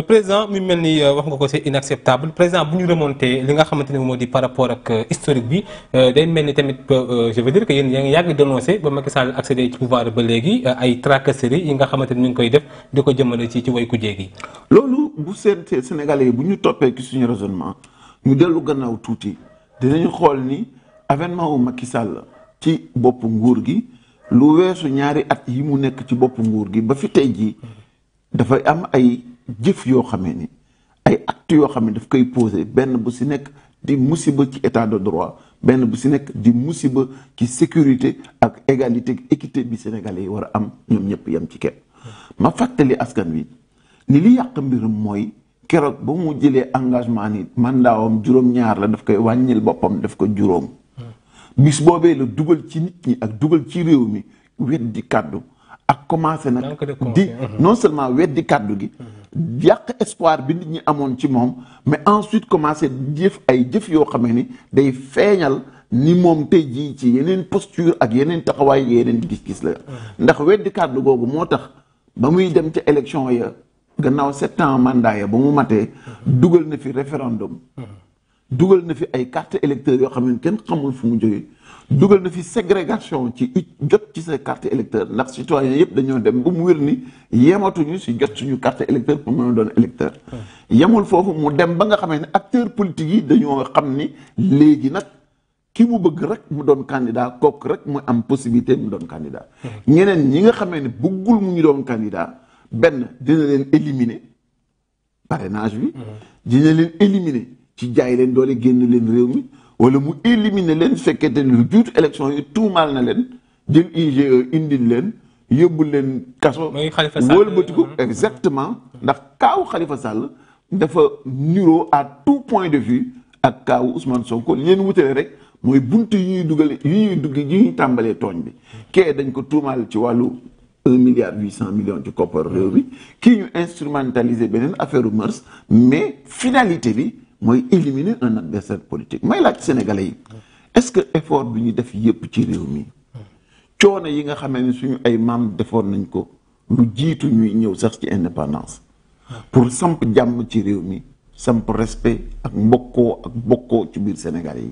président mi mel ni euh, wax nga ko c'est inacceptable président bu ñu remonté li nga xamante ni moo di par rapport ak euh, historique bi euh, day mel ni tamit je veux dire que yéen yaa ngi yàgg dénoncé ba Macky Sall accédé ci pouvoir ba léegi ay tracasseries nga xamante ni ñu ngi koy def di ko jëmale ci ci way ku jéegi loolu bu seet Sénégalais yi bu ñu toppee ci suñu raisonnement ñu dellu gannaaw tuuti dinañu xool ni avènement wu Macky Sall ci bopp nguur gi lu weesu ñaari at yi mu nekk ci bopp nguur gi ba fi tey ji dafay am ay jëf yoo xamee ni ay actes yoo xam ne daf koy posé benn bu si nekk di musiba ci état de droit benn bu si nekk di musiba ci sécurité ak égalité équité bi Sénégalais yi war a am ñoom ñëpp yam ci kenn. ma fàttali askan wi ni li yàq mbirum mooy keroog ba mu jëlee engagement ni mandaawam juróom-ñaar la daf koy wàññil boppam daf ko juróom. Hmm. bis boobee la dugal ci nit ñi ak dugal ci réew mi di kàddu ak commencé nag di mhm. non seulement weddi kàddu gi mhm. yàq espoir bi nit ñi amoon ci moom mais ensuite commencé jëf ay jëf yoo xam ne ni day feeñal ni moom tey jii ci yeneen posture ak yeneen taxawaay yeneen gis-gis la mhm. ndax weddi kàddu googu moo tax ba muy dem ca élection ya gannaaw sept ans ya ba mu matee dugal na fi référendum dugal na fi ay carte électeur yoo xam ne kenn xamul fu mu jógee dugal na fi ségrégation ci jot ci sa carte électeur ndax citoyen yëpp dañoo dem ba mu wér ni yematuñu si jot suñu carte électeur pour mën a doon électeur hmm. yemul foofu mu dem ba nga xamee ne acteur politique yi dañoo xam ni léegi nag ki mu bëgg rek mu doon candidat kooku rek mu am possibilité mu doon candidat hmm. ñeneen ñi nga xamee ne bëggul mu ñu doon candidat benn dina leen éliminer bi hmm. dina leen éliminer ci jaay leen doole génn leen réew mi wala mu éliminer leen fekkete lu juut élection yi tuumaal na leen jël IGE indil leen yóbbu leen kaso ti ko mm-hmm. exactement ndax kaaw Khalifa sàll dafa niroo à tout point de vue ak kaaw Ousmane Sonko leen wutale rek mooy bunt yi ñuy dugale yu ñuy dugg yi ñuy tàmbalee tooñ bi kee dañ ko tuumaal ci wàllu un milliard huit cent millions ci koppar réew bi kii ñu instrumentaliser beneen affaire u mœurs mais finalité bi mooy éliminer un adversaire politique may laaj sénégalais yi est-ce que effort bi ñu def yépp ci réew mi coono yi nga xamee ni suñu ay maam defoon nañ ko lu jiitu ñuy ñëw sax ci indépendance pour samp jàmm ci réew mi samp respect ak mbokkoo ak mbokkoo ci biir Sénégal yi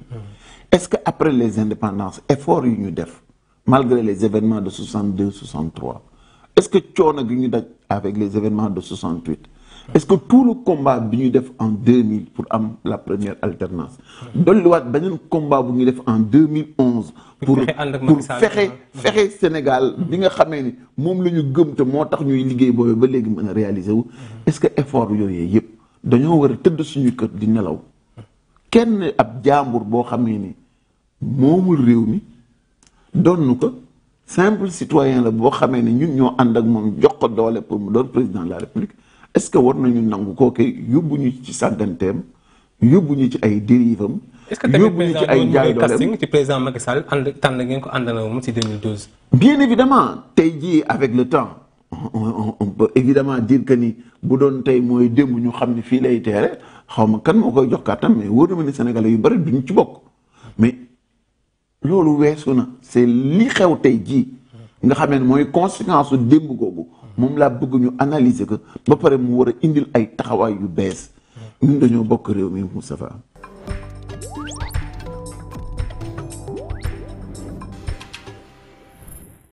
est-ce que après les indépendances effort yu ñu def malgré les événements de 62 63 est-ce que coono gi ñu daj avec les événements de 68 est-ce que tour le combat bi ñu def en 2000 pour am la première alternance dolliwaat beneen combat bu ñu def en 2011 pour pour fexe fexe Sénégal bi nga xamee ni moom la ñu gëm te moo tax ñuy liggéey boobu ba léegi mën a réaliser wu est-ce que effort yooyu yëpp dañoo war a tëdd suñu kër di nelaw kenn ab jaambur boo xamee ni moomul réew mi donn ko simple citoyen la boo xamee ni ñun ñoo ànd ak moom jox ko doole pour mu doon président de la république est-ce que war nañu nangu kooke yóbbu ñu ci sàgganteem yóbbu ñu ci ay dérive am. yóbbu ñu ci ay jaay dooleem ci président Macky Sall ànd tànn ngeen ko àndandoo moom ci 2012. bien évidemment tey jii avec le temps on, on peut que ni bu doon tey mooy démb ñu xam ne fii lay teere xaw ma kan moo koy jox kàttan mais wóor na ma ne Sénégalais yu bëri ñu ci bokk mais loolu weesu na c'est li xew tey jii. nga xam ne mooy conséquence su démb googu moom laa bëgg ñu analyser ko ba pare mu war a indil ay taxawaay yu bees ñun dañoo bokk réew mi Moustapha